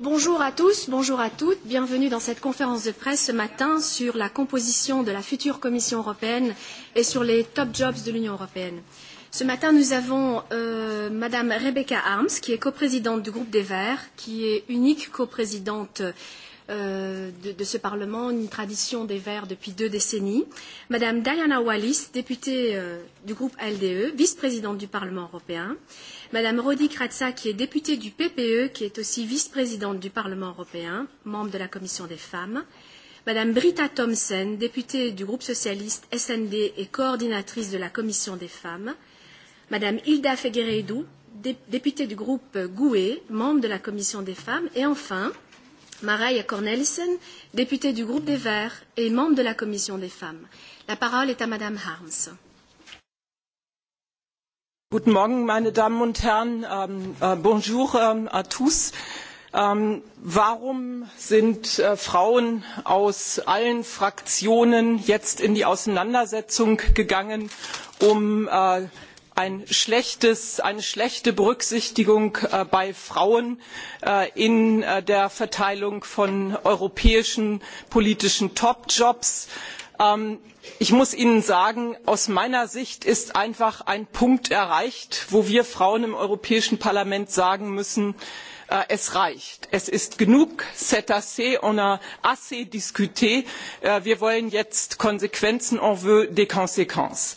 Bonjour à tous, bonjour à toutes, bienvenue dans cette conférence de presse ce matin sur la composition de la future Commission européenne et sur les top jobs de l'Union européenne. Ce matin, nous avons Madame Rebecca Arms, qui est coprésidente du groupe des Verts, qui est unique coprésidente de ce Parlement, une tradition des Verts depuis deux décennies. Madame Diana Wallis, députée du groupe LDE, vice-présidente du Parlement européen. Madame Rodi Kratza, qui est députée du PPE, qui est aussi vice-présidente du Parlement européen, membre de la Commission des femmes. Madame Britta Thomsen, députée du groupe socialiste SND et coordinatrice de la Commission des femmes. Madame Hilda Fegueredou, députée du groupe GUE, membre de la Commission des femmes. Et enfin, Mareille Cornelissen, députée du groupe des Verts et membre de la Commission des femmes. La parole est à Madame Harms. Guten Morgen, meine Damen und Herren. Bonjour à tous. Warum sind Frauen aus allen Fraktionen jetzt in die Auseinandersetzung gegangen, um eine schlechte berücksichtigung bei frauen in der verteilung von europäischen politischen topjobs. ich muss ihnen sagen aus meiner sicht ist einfach ein punkt erreicht wo wir frauen im europäischen parlament sagen müssen es reicht es ist genug c'est assez on a assez discut wir wollen jetzt konsequenzen on veut des consquences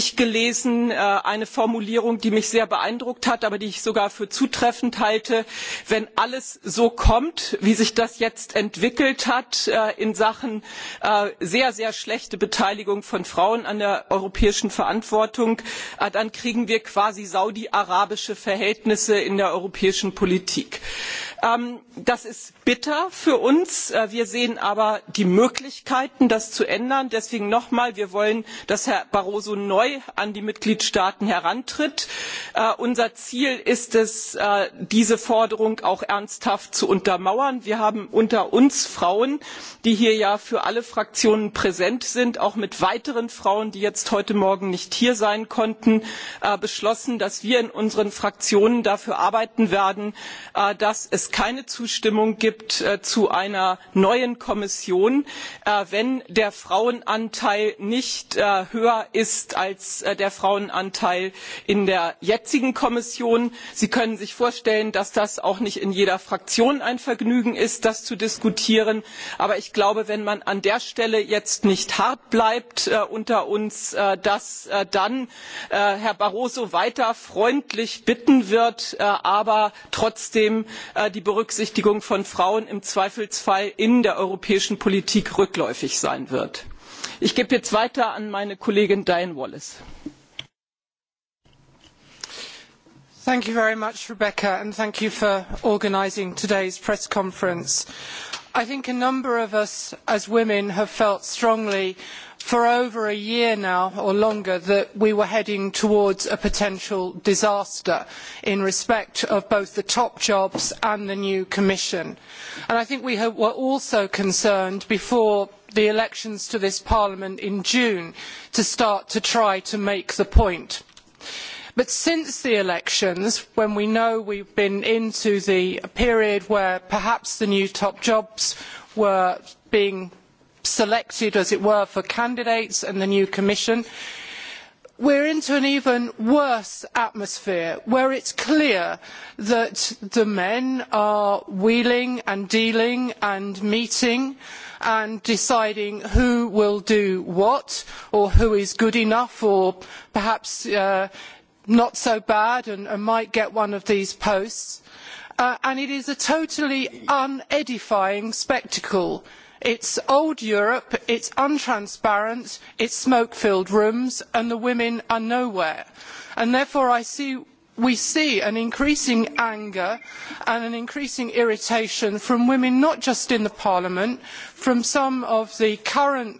ich gelesen eine formulierung die mich sehr beeindruckt hat aber die ich sogar für zutreffend halte wenn alles so kommt wie sich das jetzt entwickelt hat in sachen sehr sehr schlechte beteiligung von frauen an der europäischen verantwortung dann kriegen wir quasi saudi arabische verhältnisse in der europäischen politik das ist bitter für uns wir sehen aber die möglichkeiten das zu ändern. deswegen noch einmal wir wollen dass herr barroso neu an die mitgliedstaaten herantritt. unser ziel ist es diese forderung auch ernsthaft zu untermauern. wir haben unter uns frauen die hier ja für alle fraktionen präsent sind auch mit weiteren frauen die jetzt heute morgen nicht hier sein konnten beschlossen dass wir in unseren fraktionen dafür arbeiten werden dass keine zustimmung gibt zu einer neuen kommission wenn der frauenanteil nicht höher ist als der frauenanteil in der jetzigen kommission. sie können sich vorstellen dass das auch nicht in jeder fraktion ein vergnügen ist das zu diskutieren aber ich glaube wenn man an der stelle jetzt nicht hart bleibt unter uns dass dann herr barroso weiter freundlich bitten wird aber trotzdem die berücksichtigung von frauen im zweifelsfall in der europäischen politik rückläufig sein wird. ich gebe jetzt weiter an meine kollegin diane wallis. thank you very much rebecca and thank you for organising today's press conference. I think a number of us as women have felt strongly for over a year now or longer that we were heading towards a potential disaster in respect of both the top jobs and the new commission. And I think we were also concerned before the elections to this parliament in June to start to try to make the point. But since the elections, when we know we've been into the period where perhaps the new top jobs were being selected, as it were, for candidates and the new Commission, we're into an even worse atmosphere where it's clear that the men are wheeling and dealing and meeting and deciding who will do what or who is good enough or perhaps not so bad and might get one of these posts and it is a totally unedifying spectacle. It's old Europe, it's untransparent, it's smoke-filled rooms and the women are nowhere. And therefore we see an increasing anger and an increasing irritation from women not just in the Parliament, from some of the current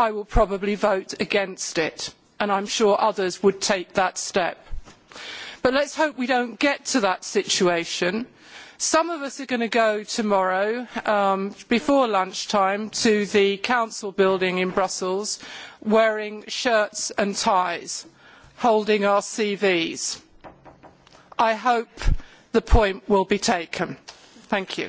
I will probably vote against it, and I am sure others would take that step. But let's hope we don't get to that situation. Some of us are going to go tomorrow, before lunchtime, to the Council building in Brussels, wearing shirts and ties, holding our CVs. I hope the point will be taken. Thank you.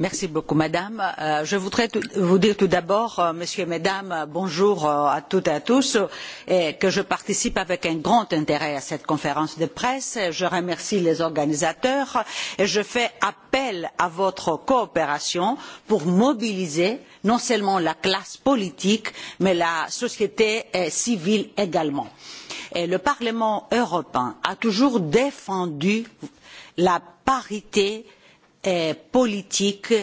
Merci beaucoup, Madame. Je voudrais vous dire tout d'abord, Messieurs et Mesdames, bonjour à toutes et à tous, que je participe avec un grand intérêt à cette conférence de presse. Je remercie les organisateurs et je fais appel à votre coopération pour mobiliser non seulement la classe politique, mais la société civile également. Le Parlement européen a toujours défendu la parité politique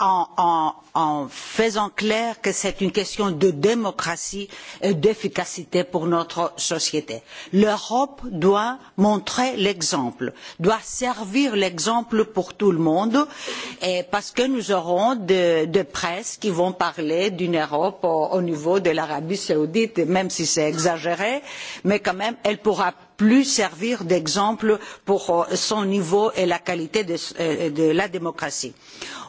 en faisant clair que c'est une question de démocratie et d'efficacité pour notre société. l'europe doit montrer l'exemple doit servir l'exemple pour tout le monde parce que nous aurons des presse qui vont parler d'une europe au niveau de l'arabie saoudite même si c'est exagéré mais quand même elle pourra plus servir d'exemple pour son niveau et la qualité de la démocratie.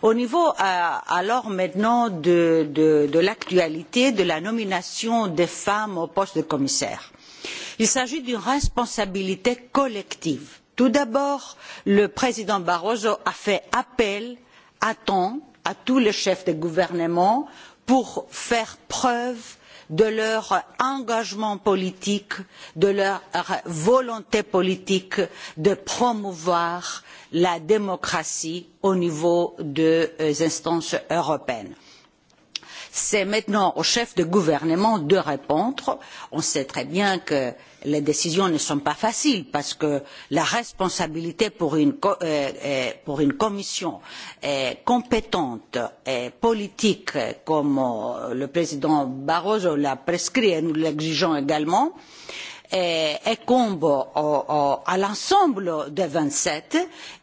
au niveau alors maintenant de l'actualité de la nomination des femmes au poste de commissaire il s'agit d'une responsabilité collective. tout d'abord le président barroso a fait appel à temps à tous les chefs de gouvernement pour faire preuve de leur engagement politique de leur volonté politique de promouvoir la démocratie au niveau des instances européennes. c'est maintenant aux chefs de gouvernement de répondre. on sait très bien que les décisions ne sont pas faciles parce que la responsabilité pour une commission compétente et politique comme le président barroso l'a prescrit et nous l'exigeons également incombe à l'ensemble des vingt sept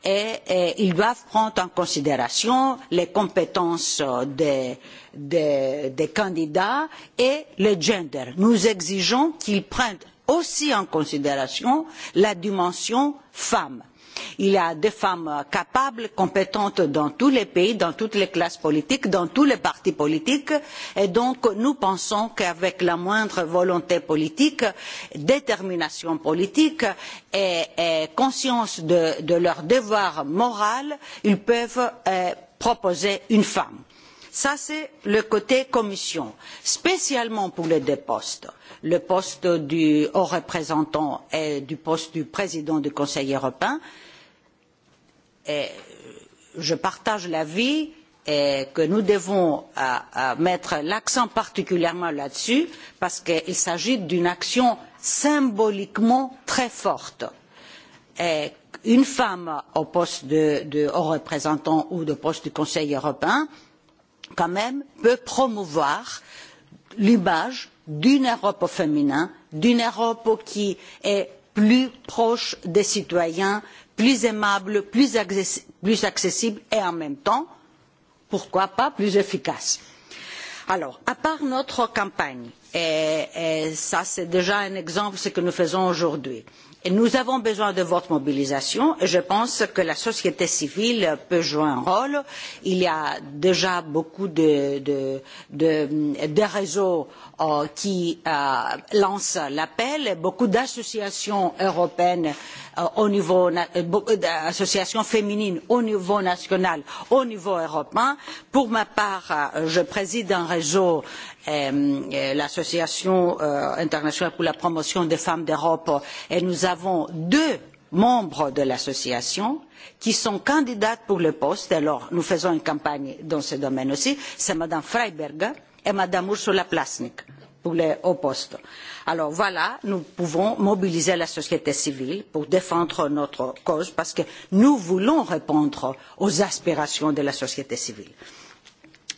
et ils doivent prendre en considération les compétences des candidats et le gender. nous exigeons qu'ils prennent aussi en considération la dimension femme. Il y a des femmes capables, compétentes dans tous les pays, dans toutes les classes politiques, dans tous les partis politiques, et donc nous pensons qu'avec la moindre volonté politique, détermination politique et conscience de leur devoir moral, ils peuvent proposer une femme ça c'est le côté commission spécialement pour les deux postes le poste du haut représentant et du poste du président du conseil européen je partage l'avis que nous devons mettre l'accent particulièrement là dessus parce qu'il s'agit d'une action symboliquement très forte. une femme au poste de haut représentant ou de poste du conseil européen quand même peut promouvoir l'image d'une Europe au féminin, d'une Europe qui est plus proche des citoyens, plus aimable, plus accessible et en même temps, pourquoi pas, plus efficace. Alors, à part notre campagne, et ça c'est déjà un exemple de ce que nous faisons aujourd'hui, nous avons besoin de votre mobilisation et je pense que la société civile peut jouer un rôle. il y a déjà beaucoup de réseaux qui lancent l'appel beaucoup d'associations européennes au niveau d'associations féminines au niveau national au niveau européen. pour ma part je préside un réseau l'association internationale pour la promotion des femmes d'europe et nous avons deux membres de l'association qui sont candidates pour le poste alors nous faisons une campagne dans ce domaine aussi c'est mme freiberger et mme ursula plasnik pour les hauts postes. alors voilà nous pouvons mobiliser la société civile pour défendre notre cause parce que nous voulons répondre aux aspirations de la société civile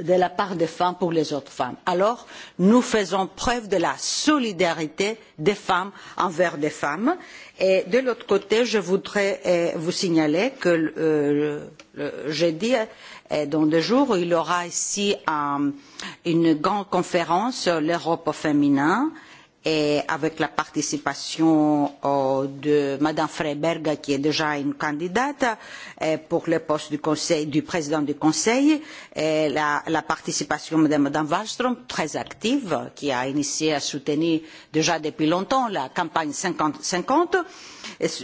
de la part des femmes pour les autres femmes. Alors, nous faisons preuve de la solidarité des femmes envers les femmes. Et de l'autre côté, je voudrais vous signaler que jeudi, dans deux jours, il y aura ici une grande conférence sur l'Europe féminin et avec la participation de madame Freiberg, qui est déjà une candidate pour le poste du président du Conseil, et la participation de madame Wallström, très active, qui a initié à soutenir déjà depuis longtemps la campagne 50-50,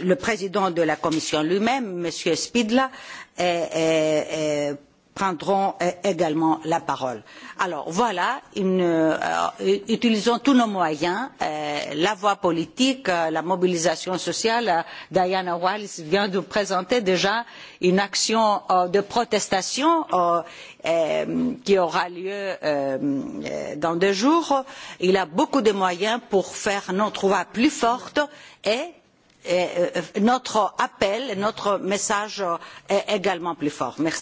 le président de la Commission lui-même, M. Spidla, prendront également la parole. Alors voilà, utilisons tous nos moyens, la voie politique, la mobilisation sociale. Diana Wallis vient de présenter déjà une action de protestation qui aura lieu dans deux jours. Il a beaucoup de moyens pour faire notre voix plus forte et notre appel, notre message est également plus fort. Merci.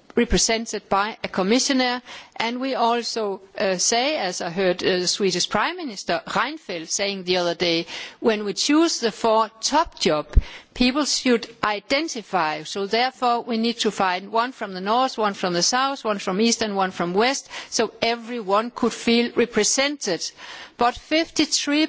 represented by a commissioner and we also say as i heard the swedish prime minister reinfeldt saying the other day when we choose the four top jobs people should identify so therefore we need to find one from the north one from the south one from the east and one from the west so everyone could feel represented but fifty three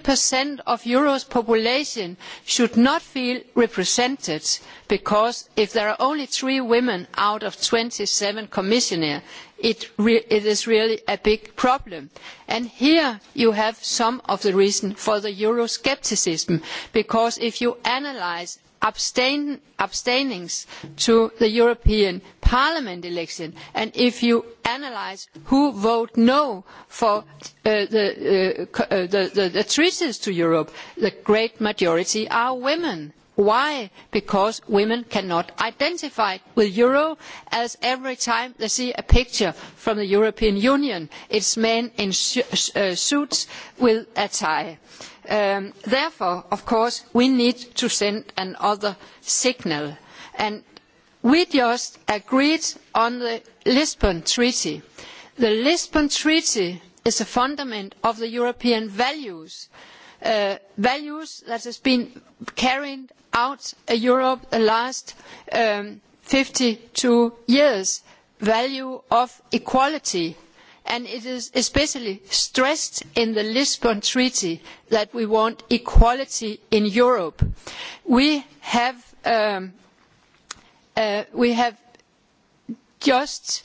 of europe's population should not feel represented because if there are only three women out of twenty seven commissioners it is really a big problem. And here you have some of the reason for the Euroscepticism, because if you analyse abstainings to the European Parliament election, and if you analyse who voted no for the treaties to Europe, the great majority are women Why? Because women cannot identify with Euro as every time they see a picture from the European Union, it's men in suits with a tie. Therefore, of course, we need to send another signal. And we just agreed on the Lisbon Treaty. The Lisbon Treaty is a fundament of the European values values that has been carried out Europe the last 52 years, value of equality. And it is especially stressed in the Lisbon Treaty that we want equality in Europe. We have just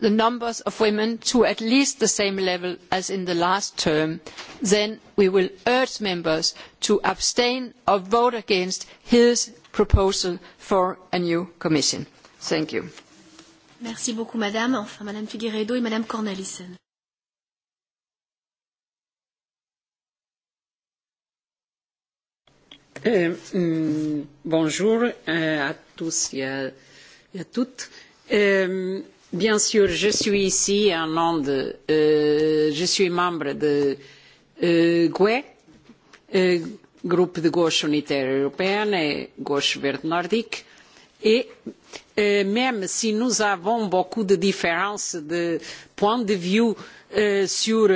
the numbers of women to at least the same level as in the last term, then we will urge members to abstain or vote against his proposal for a new commission. Thank you. Merci beaucoup, Madame. Enfin, Madame Figueredo et Madame Cornelissen. Bonjour à tous et à toutes. Bien sûr, je suis ici en nom de, je suis membre de GUE, groupe de gauche unitaire européenne et gauche verte nordique, et même si nous avons beaucoup de différences de points de vue sur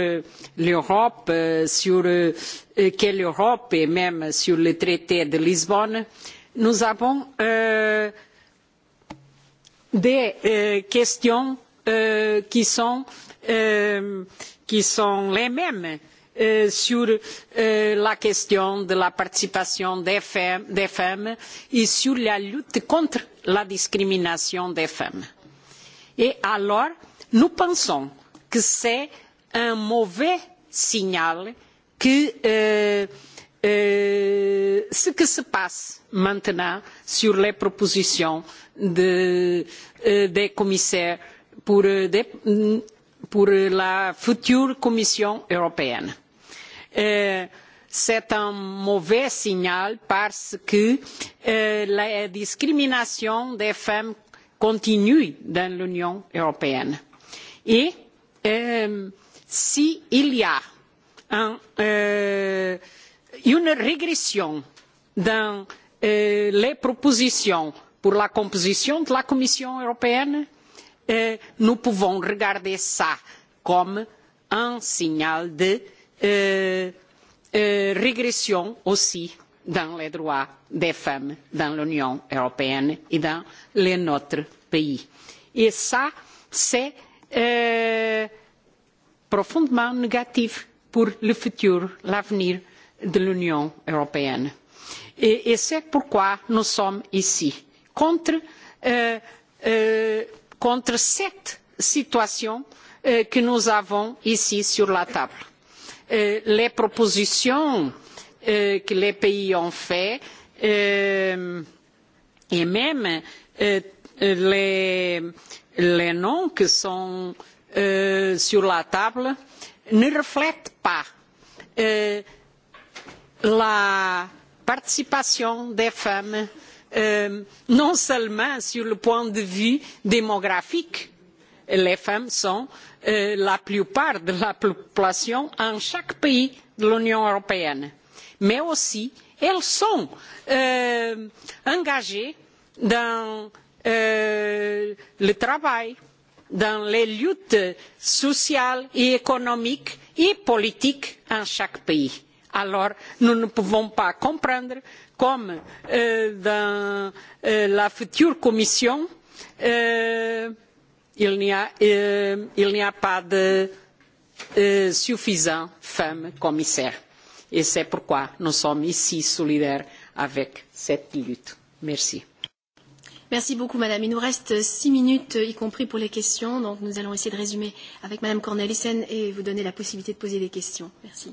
l'Europe, sur quelle Europe et même sur le traité de Lisbonne, nous avons des questions qui sont les mêmes sur la question de la participation des femmes et sur la lutte contre la discrimination des femmes. Et alors, nous pensons que c'est un mauvais signal que ce que se passe maintenant sur les propositions des commissaires pour la future Commission européenne. C'est un mauvais signal parce que la discrimination des femmes continue dans l'Union européenne. Et s'il y a une régression dans les propositions pour la composition de la Commission européenne, nous pouvons regarder ça comme un signal de régression aussi dans les droits des femmes dans l'Union européenne et dans les notre pays. Et ça, c'est profondément négatif pour le futur, l'avenir de l'Union européenne. Et c'est pourquoi nous sommes ici, contre cette situation que nous avons ici sur la table. Les propositions que les pays ont faites et même les noms qui sont sur la table ne reflètent pas la participation des femmes non seulement sur le point de vue démographique les femmes sont la plupart de la population en chaque pays de l'union européenne mais aussi elles sont engagées dans le travail dans les luttes sociales et économiques et politiques en chaque pays Alors, nous ne pouvons pas comprendre comme dans la future Commission, il n'y a pas de suffisant femmes commissaire, Et c'est pourquoi nous sommes ici solidaires avec cette lutte. Merci. Merci beaucoup, Madame. Il nous reste six minutes, y compris pour les questions. Donc, nous allons essayer de résumer avec Madame Cornelissen et vous donner la possibilité de poser des questions. Merci.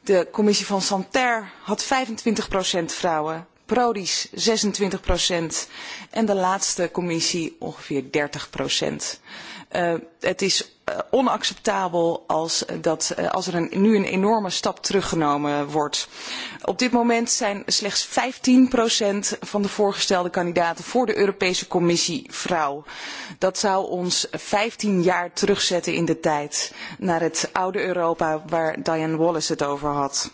De commissie van Santer had 25 vrouwen, Prodis 26 en de laatste commissie ongeveer 30 het is onacceptabel als er nu een enorme stap teruggenomen wordt. op dit moment zijn slechts 15% van de voorgestelde kandidaten voor de europese commissie vrouw. dat zou ons 15 jaar terugzetten in de tijd naar het oude europa waar diane wallace het over had.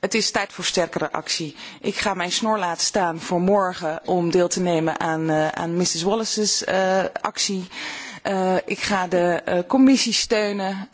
Het is tijd voor sterkere actie. Ik ga mijn snor laten staan voor morgen om deel te nemen aan Mrs. Wallace's actie. Ik ga de commissie steunen,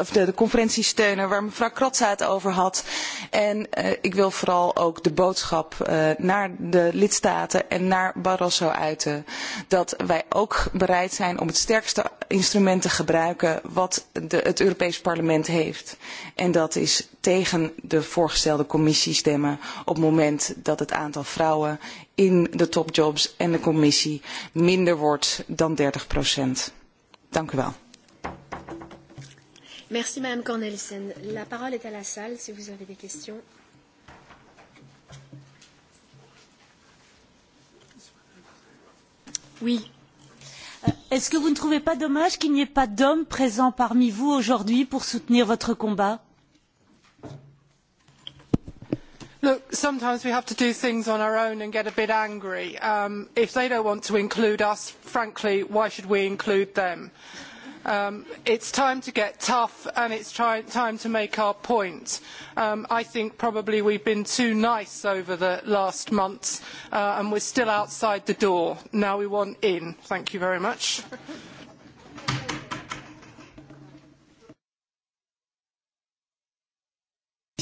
of de conferentie steunen waar mevrouw Kratza het over had. En ik wil vooral ook de boodschap naar de lidstaten en naar Barroso uiten. Dat wij ook bereid zijn om het sterkste instrument te gebruiken wat het Europees Parlement heeft. En dat is tegen de voorgestelde commissie stemmen op het moment dat het aantal vrouwen in de topjobs en de commissie minder wordt dan 30 procent. Dank u wel. Merci Madame Cornelissen. La parole est à la salle si vous avez des questions. Oui. Est-ce que vous ne trouvez pas dommage qu'il n'y ait pas d'hommes présents parmi vous aujourd'hui pour soutenir votre combat Look, sometimes we have to do things on our own and get a bit angry. If they don't want to include us, frankly, why should we include them? It's time to get tough and it's time to make our point. I think probably we've been too nice over the last months and we're still outside the door. Now we want in. Thank you very much.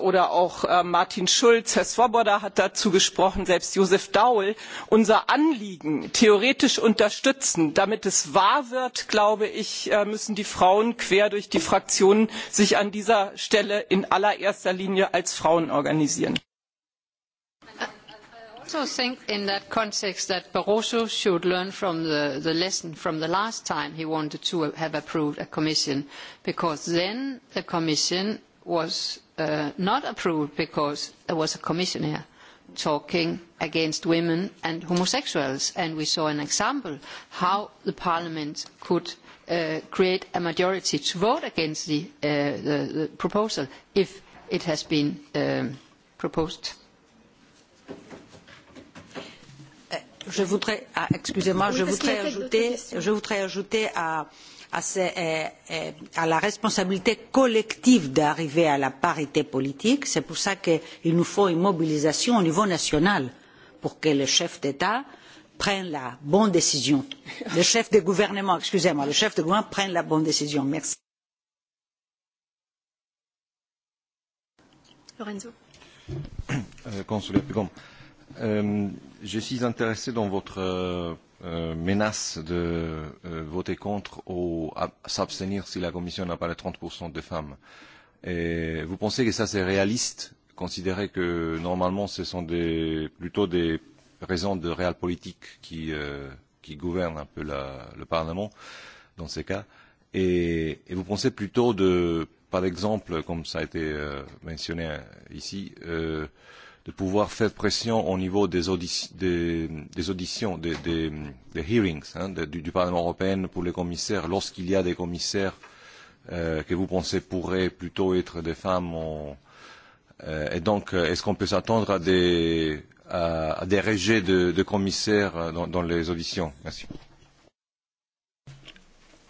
oder auch martin schulz herr swoboda hat dazu gesprochen selbst Josef daul unser anliegen theoretisch unterstützen. damit es wahr wird glaube ich müssen die frauen quer durch die fraktionen sich an dieser stelle in allererster linie als frauen organisieren not approved because there was a commissioner talking against women and homosexuals and we saw an example how the parliament could create a majority to vote against the proposal if it has been proposed. Je voudrais ajouter à à la responsabilité collective d'arriver à la parité politique. C'est pour ça qu'il nous faut une mobilisation au niveau national pour que le chef d'État prenne la bonne décision. Le chef de gouvernement, excusez-moi, le chef de gouvernement prenne la bonne décision. Merci. Lorenzo. euh, je suis intéressé dans votre menace de voter contre ou s'abstenir si la Commission n'a pas les 30% de femmes. Et vous pensez que ça c'est réaliste, Considérez que normalement ce sont des, plutôt des raisons de réel politique qui, qui gouvernent un peu la, le Parlement dans ces cas et, et vous pensez plutôt de, par exemple, comme ça a été mentionné ici, euh, de pouvoir faire pression au niveau des auditions, des hearings du Parlement européen pour les commissaires, lorsqu'il y a des commissaires que vous pensez pourraient plutôt être des femmes. Et donc, est-ce qu'on peut s'attendre à des rejets de commissaires dans les auditions Merci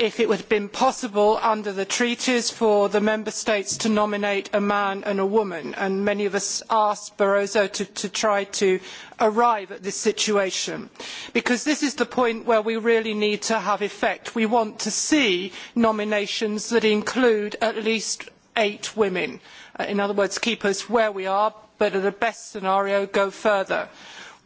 if it had been possible under the treaties for the member states to nominate a man and a woman and many of us asked barroso to try to arrive at this situation because this is the point where we really need to have effect. we want to see nominations that include at least eight women in other words keep us where we are but at the best scenario go further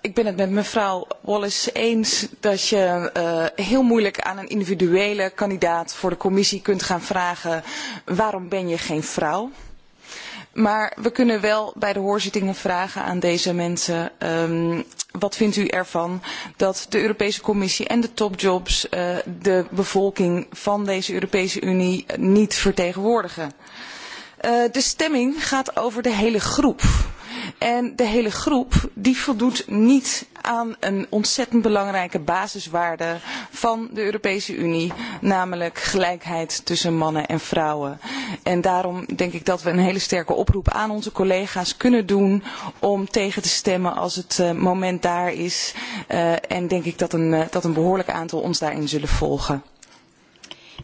ik ben het met mevrouw Wallace eens dat je heel moeilijk aan een individuele kandidaat voor de commissie kunt gaan vragen waarom ben je geen vrouw. Maar we kunnen wel bij de hoorzittingen vragen aan deze mensen wat vindt u ervan dat de Europese Commissie en de topjobs de bevolking van deze Europese Unie niet vertegenwoordigen. De stemming gaat over de hele groep En de hele groep die voldoet niet aan een ontzettend belangrijke basiswaarde van de Europese Unie, namelijk gelijkheid tussen mannen en vrouwen. En daarom denk ik dat we een hele sterke oproep aan onze collega's kunnen doen om tegen te stemmen als het moment daar is. En denk ik dat een behoorlijk aantal ons daarin zullen volgen.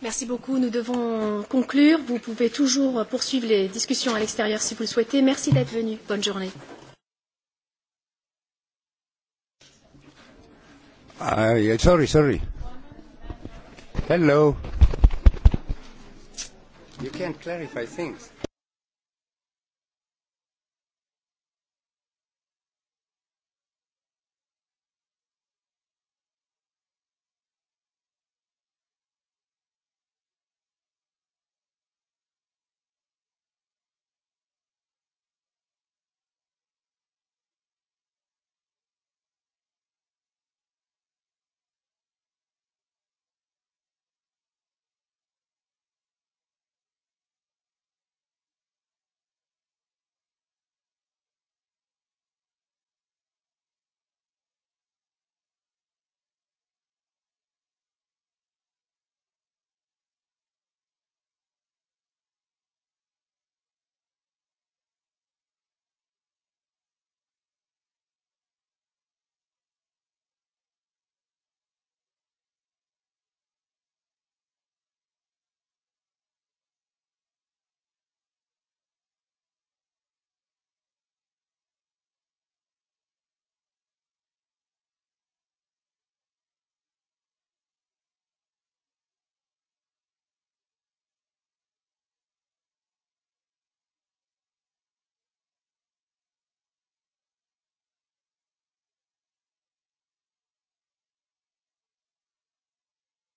Merci beaucoup. Nous devons conclure. Vous pouvez toujours poursuivre les discussions à l'extérieur si vous le souhaitez. Merci d'être venu. Bonne journée. Sorry, sorry. Hello. You can't clarify things.